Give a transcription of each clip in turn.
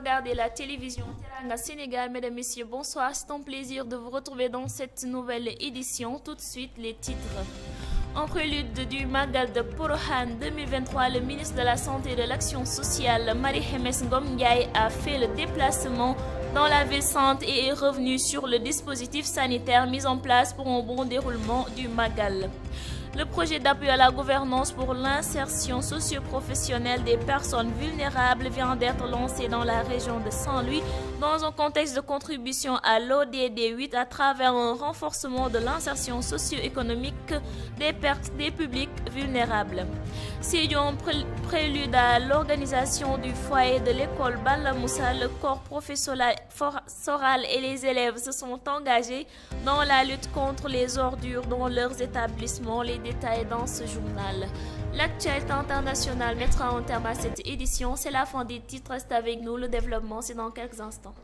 regardez la télévision Teranga Sénégal. Mesdames, Messieurs, bonsoir. C'est un plaisir de vous retrouver dans cette nouvelle édition. Tout de suite, les titres. En prélude du Magal de Porohan 2023, le ministre de la Santé et de l'Action sociale, Marie-Hemes Ngomgay, a fait le déplacement dans la ville sainte et est revenu sur le dispositif sanitaire mis en place pour un bon déroulement du Magal le projet d'appui à la gouvernance pour l'insertion socio-professionnelle des personnes vulnérables vient d'être lancé dans la région de Saint-Louis dans un contexte de contribution à l'ODD 8 à travers un renforcement de l'insertion socio-économique des, des, publics vulnérables. C'est un prélude à l'organisation du foyer de l'école Balamoussa. Le corps professoral et les élèves se sont engagés dans la lutte contre les ordures dans leurs établissements. Les détails dans ce journal. L'actualité internationale mettra un terme à cette édition. C'est la fin des titres. Reste avec nous. Le développement, c'est dans quelques instants.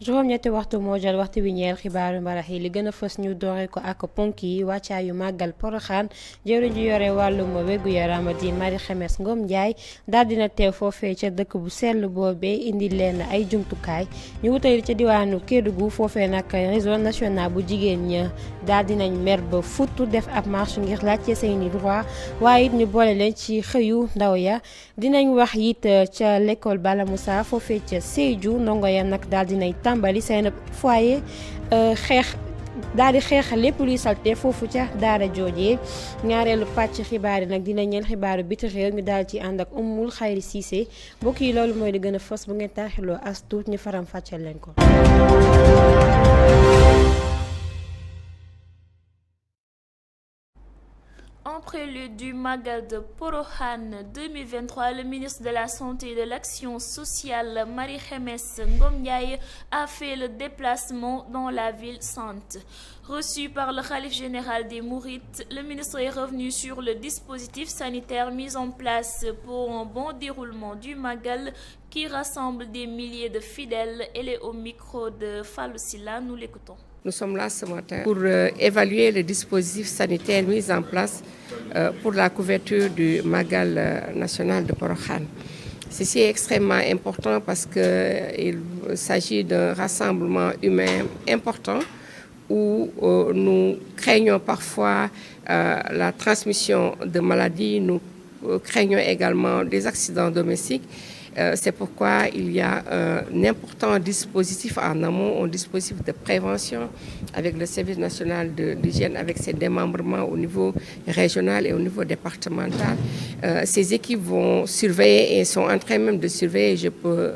juróom-ñetti waxtu moo jël waxtu wi ñeel xibaaru mbarax li gën a fës ñu doore ko ak ponk yi yu màggal poroxaan jëwriñ ji yore wàllum wérgu yaram di Marie Khemesse Ngom Ndiaye daal na teew foofe ca dëkk bu sell boobee indi leen ay jumtukaay ñu wutali ca diwaanu gu foofee nag réseau national bu jigéen ña daal dinañ mer ba futtu def ab marche ngir laajte seeni droit waaye it ñu boole leen ci xëyu ndaw ya dinañ wax it ca lekkool Bala Moussa foofee ca Sédhiou ndongo ya nag daal dinañ tàmbali seen foyer euh, xeex daal di xeexal lépp luy salte foofu ca daara joojee ñaareelu pàcc xibaar yi nag dina ñeel xibaaru biti réew ñu daal ci ànd ak Umul Xayri Cissé mbokk yi loolu mooy di gën a fës bu ngeen taaxiloo as tuut ñu faram fàcceel leen ko. En prélude du Magal de Porohan 2023, le ministre de la Santé et de l'Action sociale, Marie-Hemes Ngomiaï, a fait le déplacement dans la ville sainte. Reçu par le calife général des Mourites, le ministre est revenu sur le dispositif sanitaire mis en place pour un bon déroulement du Magal qui rassemble des milliers de fidèles. Elle est au micro de Falusila, nous l'écoutons. Nous sommes là ce matin pour euh, évaluer les dispositifs sanitaires mis en place euh, pour la couverture du Magal euh, national de Porokhan. Ceci est extrêmement important parce qu'il s'agit d'un rassemblement humain important où nous craignons parfois la transmission de maladies, nous craignons également des accidents domestiques euh, c'est pourquoi il y a euh, un important dispositif en amont, un dispositif de prévention avec le service national d'hygiène, avec ses démembrements au niveau régional et au niveau départemental. Euh, ces équipes vont surveiller et sont en train même de surveiller, je peux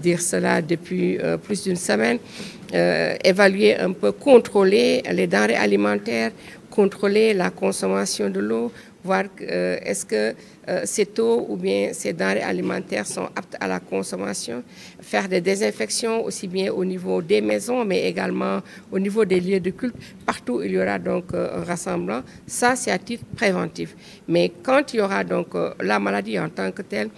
dire cela depuis plus d'une semaine, évaluer un peu, contrôler les denrées alimentaires, contrôler la consommation de l'eau, voir euh, est-ce que euh, ces eaux ou bien ces denrées alimentaires sont aptes à la consommation, faire des désinfections aussi bien au niveau des maisons, mais également au niveau des lieux de culte. Partout, il y aura donc euh, un rassemblement. Ça, c'est à titre préventif. Mais quand il y aura donc la maladie en tant que telle,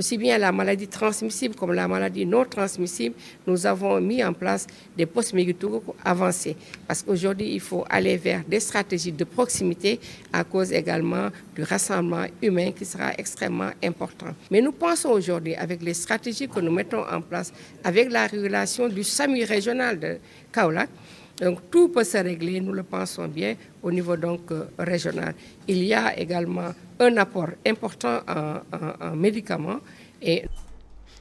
aussi bien la maladie transmissible comme la maladie non transmissible, nous avons mis en place des postes médicaux avancés. Parce qu'aujourd'hui, il faut aller vers des stratégies de proximité à cause également du rassemblement humain qui sera extrêmement important. Mais nous pensons aujourd'hui, avec les stratégies que nous mettons en place, avec la régulation du SAMU régional de Kaolak. Donc tout peut se régler, nous le pensons bien, au niveau donc euh, régional. Il y a également un apport important en, en médicaments et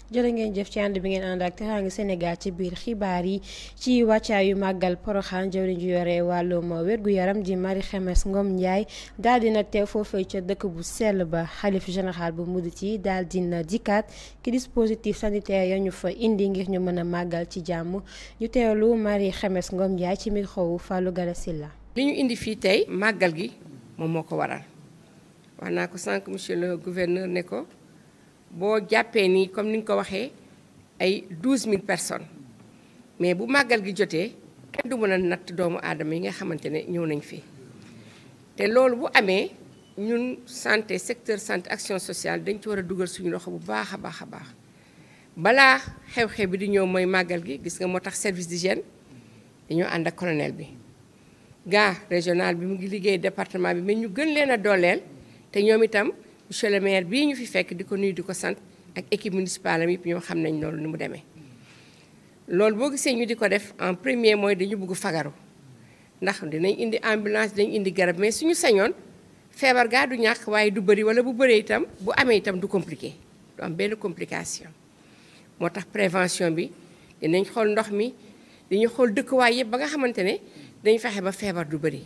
jërë ngeen jëf ci ànd bi ngeen ànd ak Teranga Sénégal ci biir xibaar yi ci yu màggal poroxaan jëwriñ ju yore wàllum wér-gu-yaram di mari xemes Ngom Ndiaye daal dina teew foofee ca dëkk bu sell ba xalif general bu murit yi dal dina dikkaat ki dispositif sanitaire ya ñu fa indi ngir ñu mën a màggal ci jàmm ñu teewlu Marie Khemesse Ngom Ndiaye ci micro wu Fallou Galasilla li ñu indi fii tey màggal gi moom moo ko waral wax naa ko sànq monsieur ne ko boo jàppee nii comme ni nga ko waxee ay douze mille personnes mais bu màggal gi jotee kenn du mën a natt doomu aadama yi nga xamante ne ñëw nañ fi te loolu bu amee ñun santé secteur santé action sociale dañ ci war a dugal suñu loxo bu baax a baax a baax balaa xew-xew bi di ñëw mooy màggal gi gis nga moo tax service di d'hygiène dañoo ànd ak colonel bi gaa régional bi mu ngi liggéey département bi mais ñu gën leen a dooleel te ñoom itam monsieur le maire bi ñu fi fekk di ko nuyu di ko sant ak équipe municipale am yëpp ñoo xam nañ loolu ni mu demee loolu boo gisee ñu di ko def en premier mooy dañu bëgg fagaru ndax dinañ indi ambulance dinañ indi garab mais suñu sañoon feebar gaa du ñàkk waaye du bëri wala bu bëree itam bu amee itam du compliqué du am benn complication moo tax prévention bi dinañ xool ndox mi dañu xool dëkkuwaay yëpp ba nga xamante ne dañ fexe ba feebar du bëri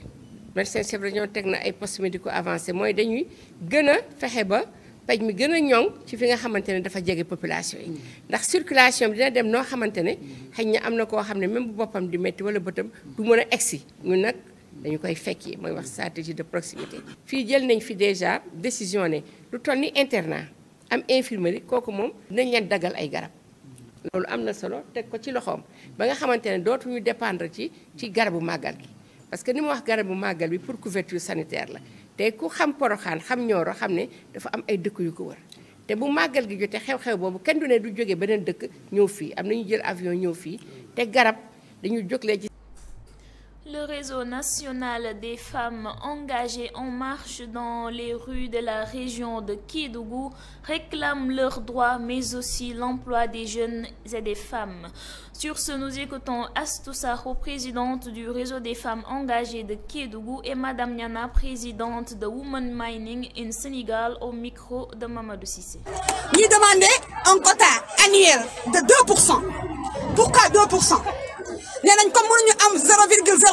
médecin chef dañoo teg na ay postes médicaux avancés moy dañuy gëna fexé ba paj mi gëna ñong ci fi nga xamantene dafa jégué population yi ndax circulation bi dina dem no xamantene ne xëy na am na même bu bopam di metti wala bëtam du mëna a egsi ñun nag dañu koy fekki moy wax stratégie de proximité. fi jël nañ fi déjà décision ne lu toll ni internat am infirmerie koku mom dinañ leen dagal ay garab. lolu amna solo tek ko ci loxom ba nga xamantene ne dootuñu dépendre ci ci garabu magal gi. parce que ni mu wax bu màggal bi pour couverture sanitaire la te ku xam poroxaan xam ñooro xam ne dafa am ay dëkk yu ko wër te bu màggal gi jote xew-xew boobu kenn du ne du jógee beneen dëkk ñëw fii am na ñu jël avion ñëw fii te garab dañu jóglee ci Le réseau national des femmes engagées en marche dans les rues de la région de Kidougou réclame leurs droits mais aussi l'emploi des jeunes et des femmes. Sur ce, nous écoutons Astusaro, présidente du réseau des femmes engagées de Kidougou et Madame Niana présidente de Women Mining in Senegal au micro de Mamadou Sissé. Nous demandons un quota annuel de 2%. Pourquoi 2% Nous comme nous avons 0,0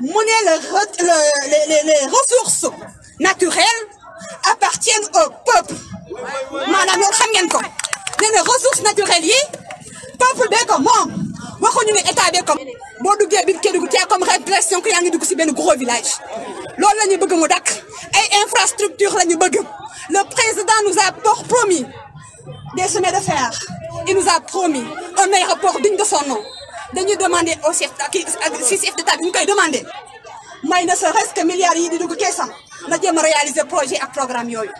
les ressources naturelles appartiennent au peuple Mais les ressources naturelles le peuple est comme moi. waxuñu ne état comme Il y a une comme répression que y a dugg si gros village L'eau, la ñu bëgg et dakk ay infrastructures le président nous a promis des chemins de fer il nous a promis un meilleur aéroport digne de son nom nous demander au chef d'État, si chef d'état bi ñu koy demander may na ne reste milliards yi di de keesam na jéem a réaliser projet ak programme yooyu.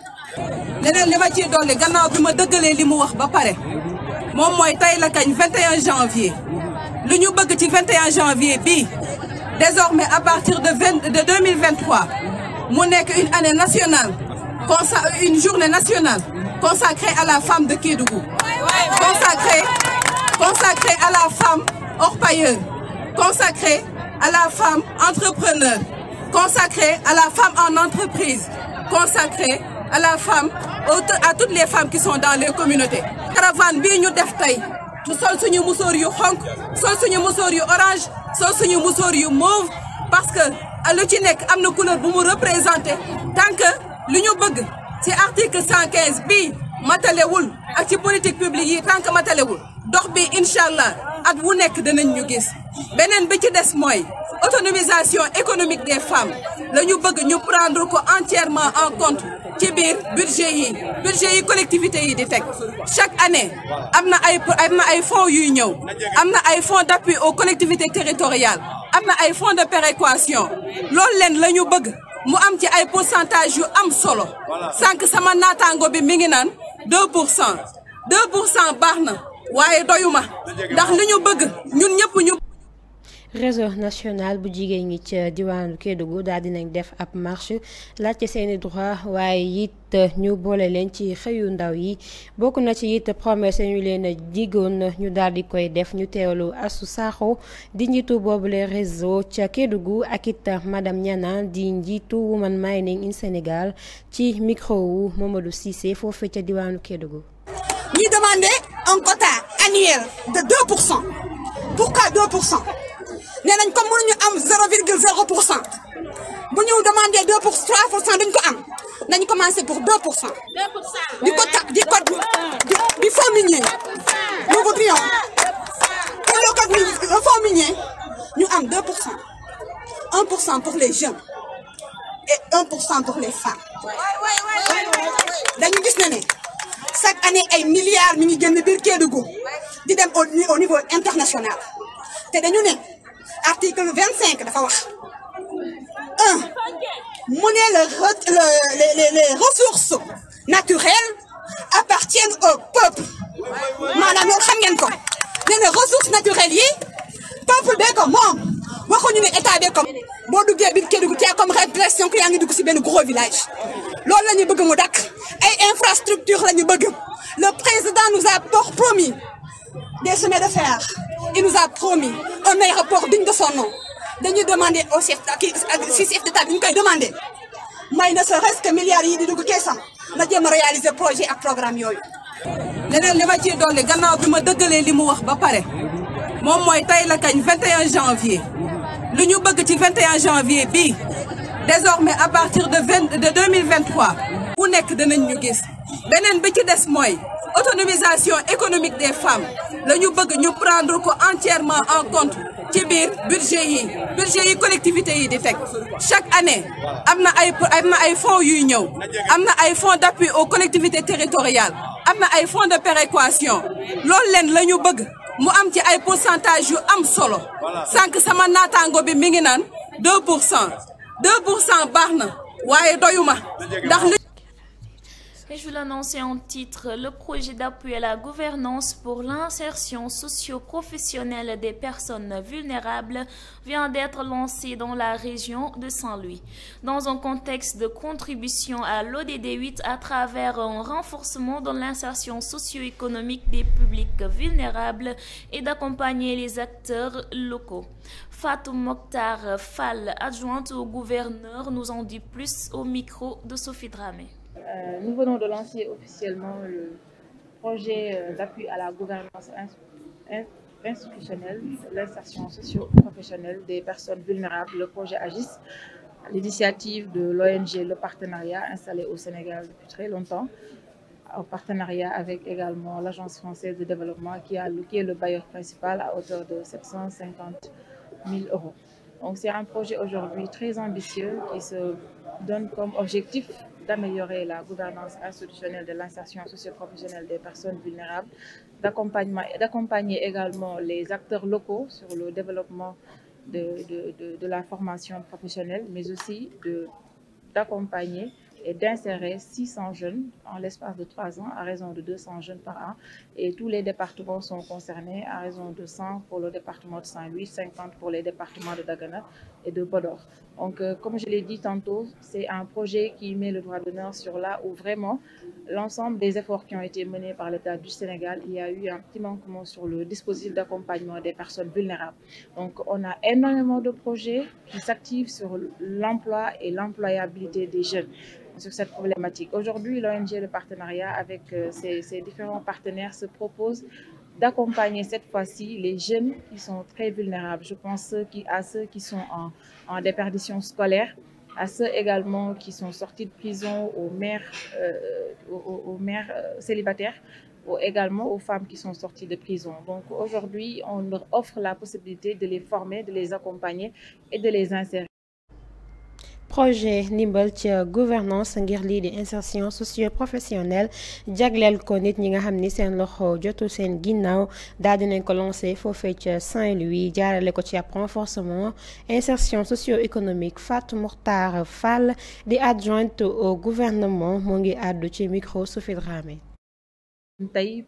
leneen li ma ciy dolli gannaaw bi ma dëggalee li mu wax ba pare moom mooy tey la kañ 21 janvier lu ñu bëgg ci 21 janvier bii désormais à partir de de 2023 mu nekk une année nationale une journée nationale consacrée à la femme de Kédougou. consacrée consacrée à la femme orpailleur, consacré à la femme entrepreneure, consacré à la femme en entreprise, consacré à la femme, à toutes les femmes qui sont dans les communautés. Caravane bi ñu def Nous sol suñu musóor yu xonk sol orange sol suñu nous yu mauve parce que à ci nekk am couleur bu mu tant que lu ñu c'est l'article article 115 b matalewul ak politique publique tant que matalewul dox bi Inch'Allah at wu nek danañ ñu gis benen bi ci dess moy autonomisation économique des femmes Nous bëgg ñu prendre ko entièrement en compte ci budget yi budget yi collectivité yi di chaque année nous avons ay amna ay fonds yu ñëw amna ay fonds d'appui aux collectivités territoriales am ay fonds de péréquation Nous leen la bëgg mu am ci ay pourcentage yu am solo sank sama natango bi mi ngi 2 2 waaye doyuma ndax li bëgg ñun ñëpp ñu. réseau national bu jigéen ñi ca diwaanu Kédougou daal dinañ def ab marche laajte seeni droit waaye it ñu boole leen ci xëyu ndaw yi bokk na ci it promesse ñu leen jigoon diggoon ñu daal di koy def ñu teewlu Astou Sakho di njiitu boobule réseau ca Kédougou ak it madame Niana di njiitu Women Mining in Sénégal ci micro wu Mamadou Cissé foofu ca diwaanu Kédougou. nous demander un quota annuel de 2%. Pourquoi 2% Nous avons comme 0,0 nous nous demander 2 3 nous avons commencé pour 2 2 du du, nous voudrions le fonds minier nous avons 2 1 pour les jeunes et 1 pour les femmes. dañu Nous na chaque année ay milliards de ngi de biir de di dem au niveau international dañu article 25. dafa les ressources naturelles appartiennent au peuple manam les xam ngeen ressources naturelles peuple bee ko moom waxuñu ne état comme Bon du duggee biir du tey comme répression que yaa ngi dugg si benn gros village loolu la ñu bëgg mu et ay infrastructure la ñu bëgg le président nous a pour promis des chemins de fer il nous a promis un aéroport digne de son nom nous demander au chef kii si chef d'état bi ñu koy demander may na sa que milliards yi di dugg keesam na jéem réaliser projet ak programme yooyu leneen li ma dans dolli gannaaw bi ma dëggalee li wax ba pare mon mooy est la 21 janvier lu ñu bëgg 21 janvier bi. désormais à partir de de 2023 ku nekk danañ ñu gis autonomisation économique des femmes la ñu bëgg prendre entièrement en compte ci budget yi budget collectivité yi chaque année amna na ay fonds yuy ñëw am fonds d'appui aux collectivités territoriales amna na ay fonds de péréquation loolu la ñu mu am ci ay pourcentage yu am solo sànq sama naataango bi mi ngi naan 2 pour cent 2 pour cent baax na waaye doyuma ndax je vous l'annoncer en titre, le projet d'appui à la gouvernance pour l'insertion socio-professionnelle des personnes vulnérables vient d'être lancé dans la région de Saint-Louis. Dans un contexte de contribution à l'ODD 8 à travers un renforcement dans l'insertion socio-économique des publics vulnérables et d'accompagner les acteurs locaux. Fatou Mokhtar Fall, adjointe au gouverneur, nous en dit plus au micro de Sophie Dramé. Euh, nous venons de lancer officiellement le projet euh, d'appui à la gouvernance institutionnelle, l'insertion socio-professionnelle des personnes vulnérables, le projet AGIS, l'initiative de l'ONG Le Partenariat, installé au Sénégal depuis très longtemps, en partenariat avec également l'Agence française de développement qui a alloué le bailleur principal à hauteur de 750 000 euros. Donc c'est un projet aujourd'hui très ambitieux qui se donne comme objectif d'améliorer la gouvernance institutionnelle de l'insertion socio-professionnelle des personnes vulnérables, d'accompagner également les acteurs locaux sur le développement de, la formation professionnelle, mais aussi d'accompagner et d'insérer 600 jeunes en l'espace de 3 ans à raison de 200 jeunes par an. Et tous les départements sont concernés à raison de 100 pour le département de Saint-Louis, 50 pour les départements de Dagana et de Bodor. Donc, euh, comme je l'ai dit tantôt, c'est un projet qui met le droit d'honneur sur là où vraiment l'ensemble des efforts qui ont été menés par l'État du Sénégal, il y a eu un petit manquement sur le dispositif d'accompagnement des personnes vulnérables. Donc, on a énormément de projets qui s'activent sur l'emploi et l'employabilité des jeunes sur cette problématique. Aujourd'hui, l'ONG, le partenariat avec ses, euh, ses différents partenaires se propose d'accompagner cette fois-ci les jeunes qui sont très vulnérables. Je pense à ceux qui sont en, en déperdition scolaire, à ceux également qui sont sortis de prison, aux mères, euh, mères euh, célibataires, ou également aux femmes qui sont sorties de prison. Donc aujourd'hui, on leur offre la possibilité de les former, de les accompagner et de les insérer projet nimble ci gouvernance ngir li di insertion socio-professionnelle Jaglel konit nit ñi nga ni seen loxo jotu seen ginnaw dal dinañ ko lancer fofé ci Saint-Louis jaarale ko ci renforcement insertion socio-économique Fat Mortar Fall di adjointe au gouvernement mo ngi addu ci micro Sophie Dramé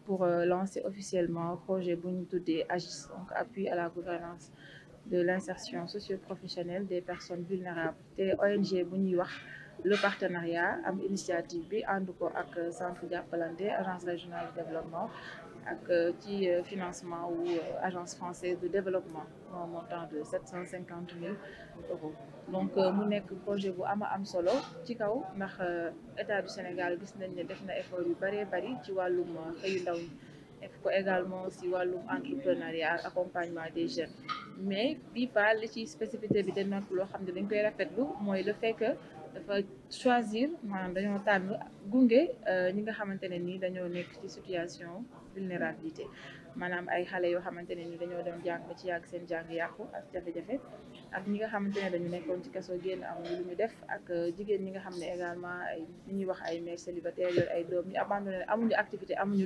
pour euh, lancer officiellement projet bu ñu tuddee donc appui à la gouvernance de l'insertion socio-professionnelle des personnes vulnérables Et ONG bu le partenariat am initiative bi ànd ko ak centre Jàppalante agence régionale de développement ak euh, ci euh, financement ou euh, agence française de développement un montant de 750 000 euros donc mu nek projet bu ama am solo ci kaw ndax état du Sénégal gis nañ def na effort yu bari bari, ci walum, ndaw il faut également si entrepreneuriat accompagnement des jeunes mais spécificité le fait que choisir euh, choisir situation vulnérabilité ay de choisir de dem jàng ci de jàng ak ak dañu nekkoon ci kasso génn am lu def ak célibataires ay doom ñu abandonné amuñu activité amuñu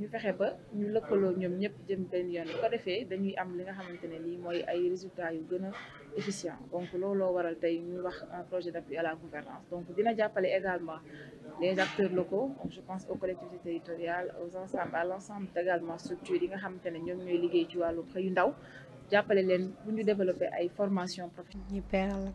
ñu fexe ba ñu lëkkaloo ñoom ñëpp jëm benn yoon ko defee dañuy am li nga xamantene li moy ay résultats yu gëna efficient donc looloo waral tay ñu wax un projet d'appui à la gouvernance donc dina jappalé également les acteurs locaux donc je pense aux collectivités territoriales aux ensembles à l'ensemble également structures yi nga xamantene ñom ñoy liggéey ci walu xëyu ndaw jappalé leen bu ñu développer ay formations professionnelles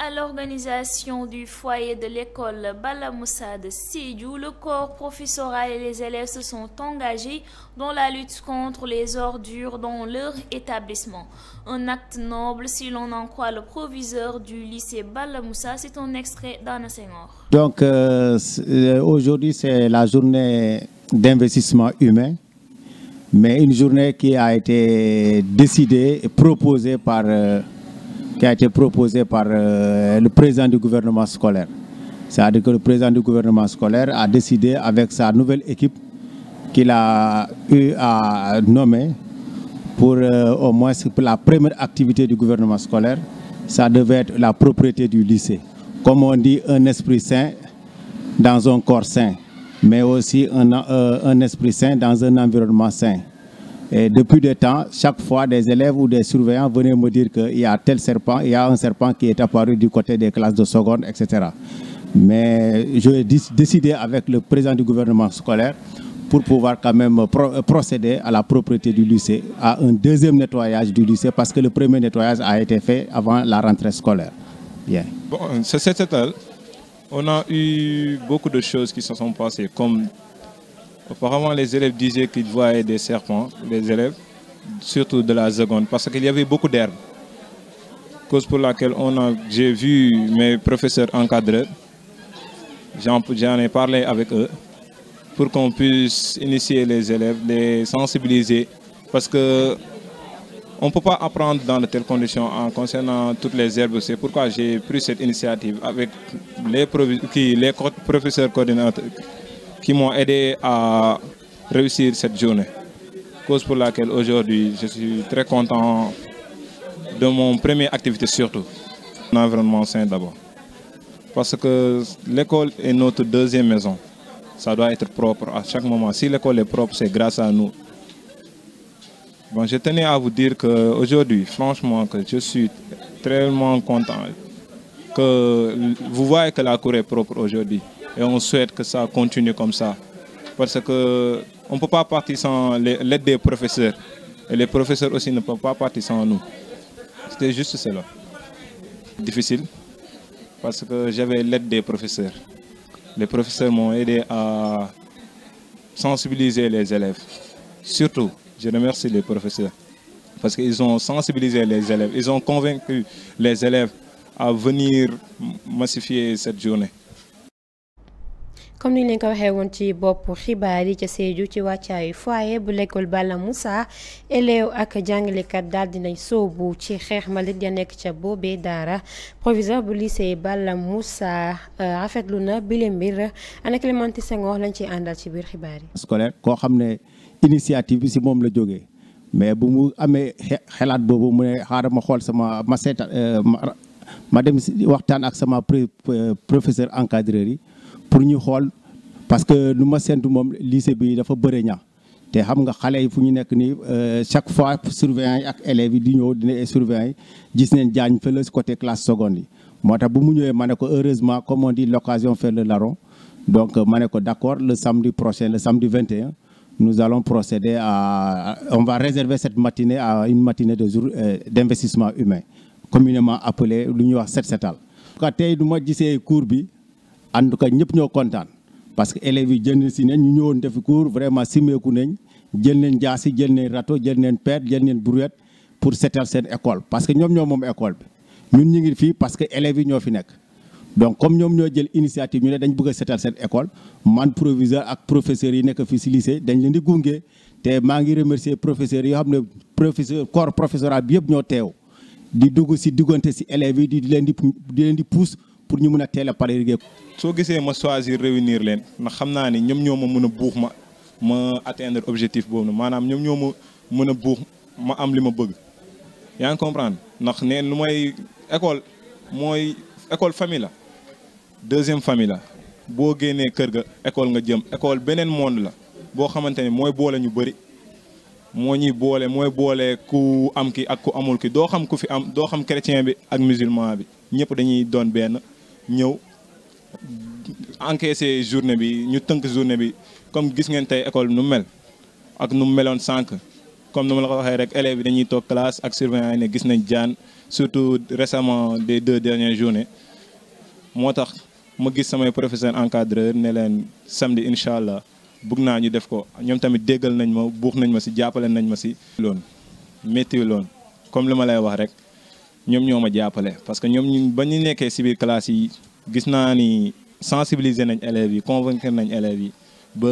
à l'organisation du foyer de l'école Balamoussa de Sidiou, le corps professoral et les élèves se sont engagés dans la lutte contre les ordures dans leur établissement. Un acte noble si l'on en croit le proviseur du lycée Balamoussa, c'est un extrait d'Anna Senghor. Donc euh, euh, aujourd'hui c'est la journée d'investissement humain mais une journée qui a été décidée et proposée par euh, qui a été proposé par euh, le président du gouvernement scolaire. C'est-à-dire que le président du gouvernement scolaire a décidé avec sa nouvelle équipe qu'il a eu à nommer pour euh, au moins la première activité du gouvernement scolaire, ça devait être la propriété du lycée. Comme on dit, un esprit sain dans un corps sain, mais aussi un, euh, un esprit sain dans un environnement sain. Et depuis des temps, chaque fois, des élèves ou des surveillants venaient me dire qu'il y a tel serpent, il y a un serpent qui est apparu du côté des classes de seconde, etc. Mais j'ai décidé avec le président du gouvernement scolaire pour pouvoir quand même procéder à la propriété du lycée, à un deuxième nettoyage du lycée, parce que le premier nettoyage a été fait avant la rentrée scolaire. Bien. Bon, euh, c'est on a eu beaucoup de choses qui se sont passées, comme Apparemment, les élèves disaient qu'ils voyaient des serpents, les élèves, surtout de la seconde, parce qu'il y avait beaucoup d'herbes. Cause pour laquelle j'ai vu mes professeurs encadrés, j'en ai parlé avec eux, pour qu'on puisse initier les élèves, les sensibiliser, parce que on ne peut pas apprendre dans de telles conditions en concernant toutes les herbes. C'est pourquoi j'ai pris cette initiative avec les, les professeurs coordinateurs qui m'ont aidé à réussir cette journée. Cause pour laquelle aujourd'hui, je suis très content de mon premier activité surtout. L'environnement sain d'abord. Parce que l'école est notre deuxième maison. Ça doit être propre à chaque moment. Si l'école est propre, c'est grâce à nous. Bon, je tenais à vous dire qu'aujourd'hui, franchement, que je suis tellement content que vous voyez que la cour est propre aujourd'hui et on souhaite que ça continue comme ça. Parce qu'on ne peut pas partir sans l'aide des professeurs. Et les professeurs aussi ne peuvent pas partir sans nous. C'était juste cela. Difficile, parce que j'avais l'aide des professeurs. Les professeurs m'ont aidé à sensibiliser les élèves. Surtout, je remercie les professeurs, parce qu'ils ont sensibilisé les élèves, ils ont convaincu les élèves à venir massifier cette journée. comme ni leen ko waxee woon ci bopp xibaar yi ca Sédhiou ci wàccaayu foyer bu l'école Balla Moussa élève ak jàngalekat nañ soow soobu ci xeex ma mbalit ya nekk ca boobee daara proviseur bu lycée Balla Moussa euh, rafetlu na bile mbir ana Clémentine Senghor lañ ciy àndal ci biir xibaar yi. scolaire koo xam ne initiative bi moom la jóge mais bu mu amee xelaat boobu mu ne xaaral ma xool sama ma seeta euh, ma dem waxtaan ak sama euh, professeur encadreur yi. pour nous xool parce que nous ma séntu moom lycée bi dafa bëre ña té xam nga xalé yi fu ñu nekk euh, chaque fois surveillant ak élève les di ñëw dina surveillant gis neen jañ côté classe seconde yi moo bu mu ko heureusement comme on dit l'occasion fait le larron donc euh, mané ko d'accord le samedi prochain le samedi 21 nous allons procéder à on va réserver cette matinée à une matinée de jour euh, d'investissement humain communément appelée lu ñu wax set setal. quand tout cas du ma cours bi. en tout cas ñëpp ñoo kontaan parce que élèves yi jënd si nañ ñu ñëwoon defi cours vraiment simeeku nañ jël nañ jaasi jël nañ râteau jël nañ pelle jël nañ brouette pour setal seen école parce que ñoom ñoo moom école bi ñu ñu ngi fii parce que élèves yi ñoo fi nekk donc comme ñoom ñoo jël initiative ñu ne dañ bëgg a setal seen école man proviseur ak professeurs yi nekk fii si lycée dañ leen di gunge te maa ngi remercier professeurs yi xam ne professeur corps professoral bi yëpp ñoo teew di dugg si diggante si élèves yi di leen di di leen di pour ñu mën a teel a pare liggéey soo gisee ma choisir réunir leen ndax xam naa ni ñoom ñoo ma mën a buux ma ma atteindre objectif boobu na maanaam ñoom ñoo ma mën a buux ma am li ma bëgg yaa ngi comprendre ndax neen lu may école mooy école famille la deuxième famille la boo génnee kër ga école nga jëm école beneen monde la boo xamante ne mooy boole ñu bëri moo ñuy boole mooy boole ku am ki ak ku amul ki doo xam ku fi am doo xam chrétien bi ak musulman bi ñëpp dañuy doon benn ñëw encaissé journée bi ñu tënk journée bi comme gis ngeen tey école bi nu mel ak nu meloon sànq comme nu ma la ko waxee rek élèves bi dañuy toog classe ak surveillant yi ne gis nañ jaan surtout récemment des deux dernières journées moo tax ma gis samay professeur encadreur ne leen samedi incha allah bëgg naa ñu def ko ñoom tamit déggal nañ ma buux nañ ma si jàppale nañ ma si loon métti loon comme li ma lay wax rek ñoom ñoo ma jàppale parce que ñoom ñu ba ñu nekkee si biir classe yi gis naa ni sensibiliser nañ élèves yi convaincre nañ élèves yi ba.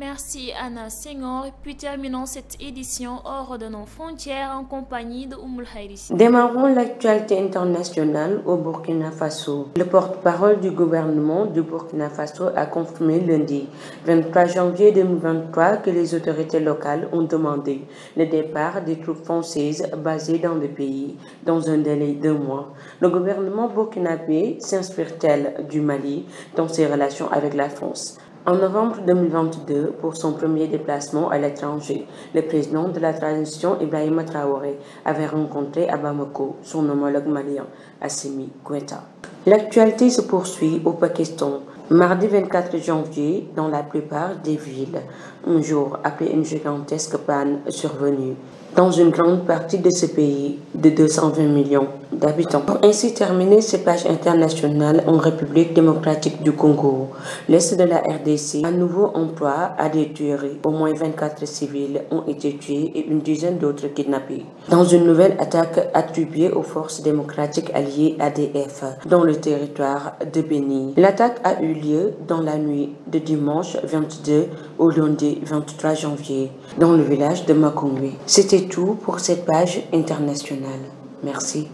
Merci Anna Senghor. Puis terminons cette édition hors de nos frontières en compagnie de Oumoul Démarrons l'actualité internationale au Burkina Faso. Le porte-parole du gouvernement du Burkina Faso a confirmé lundi 23 janvier 2023 que les autorités locales ont demandé le départ des troupes françaises basées dans le pays dans un délai de mois. Le gouvernement burkinabé s'inspire-t-elle du Mali dans ses relations avec la France en novembre 2022, pour son premier déplacement à l'étranger, le président de la transition Ibrahim Traoré avait rencontré à Bamako son homologue malien, Assimi Koueta. L'actualité se poursuit au Pakistan. Mardi 24 janvier, dans la plupart des villes, un jour après une gigantesque panne survenue dans une grande partie de ce pays de 220 millions d'habitants. Pour ainsi terminer ces pages internationales en République démocratique du Congo, l'Est de la RDC, un nouveau emploi a des tueries. Au moins 24 civils ont été tués et une dizaine d'autres kidnappés. Dans une nouvelle attaque attribuée aux forces démocratiques alliées ADF dans le territoire de Béni. L'attaque a eu lieu dans la nuit de dimanche 22 au lundi 23 janvier dans le village de Makongwe. C'était c'est tout pour cette page internationale. Merci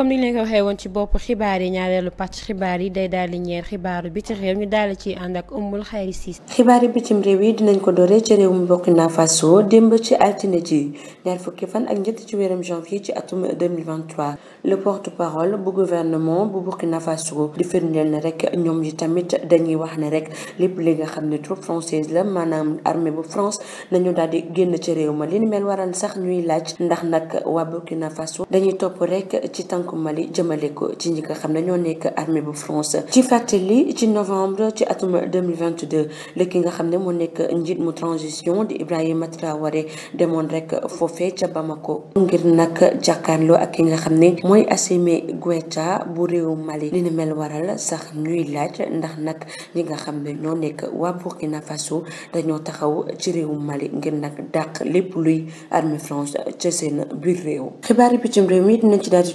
comme ni ñu leen ko waxee woon ci bopp xibaar yi ñaareelu pàcc xibaar yi day daal di ñeer xibaaru bitim réew ñu daal ci ànd ak Oumoul Khayri Cissé. xibaar yi bitim réew yi dinañ ko doree ci réew réewum Burkina Faso démb ci altine ji ñaar fukki fan ak ñett ci weeram janvier ci atum 2023 le porte-parole bu gouvernement bu Burkina Faso di firndeel ne rek ñoom yi tamit dañuy wax ne rek lépp li nga xam ne troupe française la maanaam armée bu France nañu daal di génn ci réew ma li ni mel waral sax ñuy laaj ndax nag waa Burkina Faso dañuy topp rek ci tànk Mali jëmale ci ñi nga ñoo nekk armée bu France ci fateli ci novembre ci atum 2022 le ki nga xam mo nekk mu transition di Ibrahima Traoré demoon rek Fofé, ci Bamako ngir nak jàkkaarloo ak ki nga xam moy Assimi bu réew Mali li mel waral sax ñuy laaj ndax nak ñi nga xam ñoo nekk wa Burkina Faso dañoo taxaw ci réew Mali ngir nak dak lepp luy armée France ci seen biir réew xibaari ci réew mi dinañ ci daal di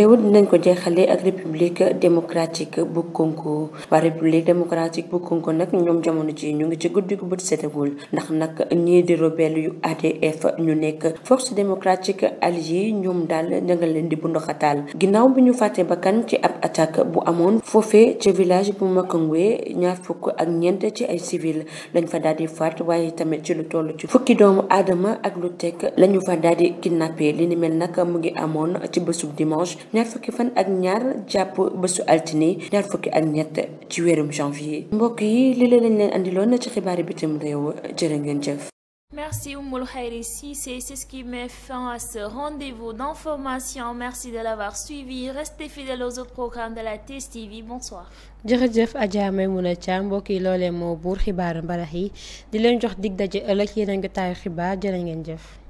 teewul dinañ ko jeexale ak république démocratique bu Congo waa république démocratique bu Congo nag ñoom jamono ji ñu ngi ci guddi gu bët setagul ndax nag ñii di rebelle yu ADF ñu nekk force démocratique alliée ñoom daal ña leen di bundoxataal ginnaaw bi ñu fàtte bakkan ci ab attaque bu amoon foofee ci village bu Makongwe ñaar fukk ak ñeent ci ay civil lañ fa daal di faat waaye tamit ci lu toll ci fukki doomu aadama ak lu teg lañu fa daal di kidnappé li ni mel nag mu ngi amoon ci bésub dimanche ñaar fukki fan ak ñaar japp bésu altiné ñaar fukki ak ñett ci wérum janvier mbokk yi li lañ leen andi andiloon ci xibaari bitim réew jërë ngeen jëf Merci Oumoul Khairi Sissé, c'est ce qui met fin à ce rendez-vous d'information. Merci de l'avoir suivi. Restez fidèles aux autres programmes de la TSTV. Bonsoir. jërëjëf Adja Maimouna Thiam mbokk yi loolee moo buur xibaaru mbalax yi di leen jox dig daje ëllëg yeneen jotaayu xibaar jërë ngeen jëf.